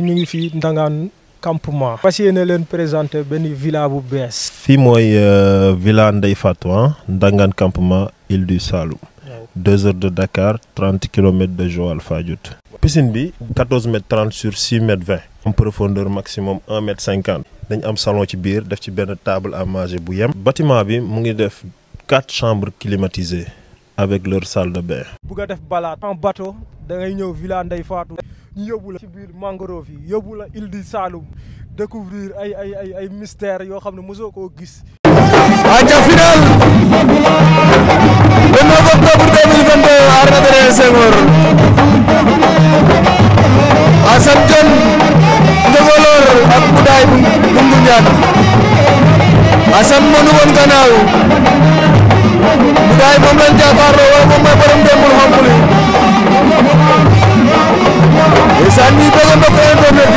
nous dans un campement. Passez nous présente une villa à Boubès. Ici, c'est la villa Ndeye Fatoua, hein, dans campement, île du Salou. 2 h de Dakar, 30 km de Joal Fadjout. La piscine est 14 m 30 sur 6 m 20 en profondeur maximum 1 m 50 Nous avons un salon qui bir en train de table à manger. Le bâtiment est de 4 chambres climatisées avec leur salle de bain. Si vous avez un balade en bateau, vous allez venir au village de Ndeye ñu yóbbu la ci biir mangrove yi yóbbu la île du Saloum découvrir ay ay ay ay mystères yoo xam ne mosoo koo gis. aca final le 9 octobre 2022 Arena Adrien Senghor Assane Dione Njogoloor ak Boudaay Bundu Ñaan Assane moo nu woon gannaaw Boudaay moom lañ jàkkaarloo wala moom mooy borom démbul xonq li ñuy bëgg a mbokk internet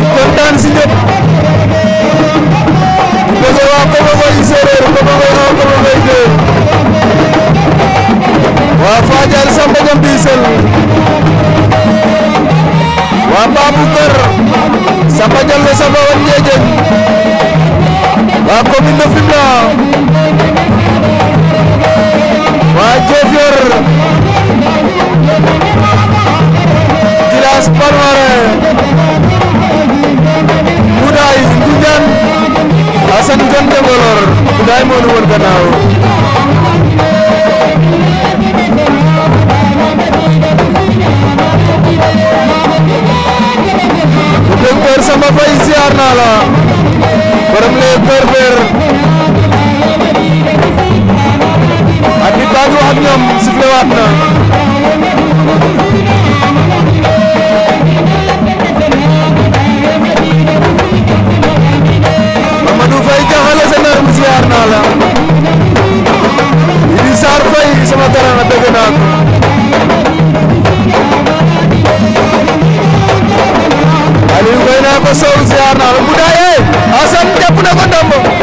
yi kontaan si ñëpp bëgg waa Kobangoy séeréer Kobangoy un Kobangoy deux waa Fadial Samba Jam Diesel waa Babou Kër Samba Jam la Samba wan Ndiédiène waa commune de Fimela waa Diofior kenn déggoo lool Ndiaye moo ñu woon gannaaw. docteur sama fay ziar naa la borom les pervers. at bi baax wax ak ñoom sifflé waat na. ko soow ziar naa la mu daay eh, Assane jàpp na ko ndombo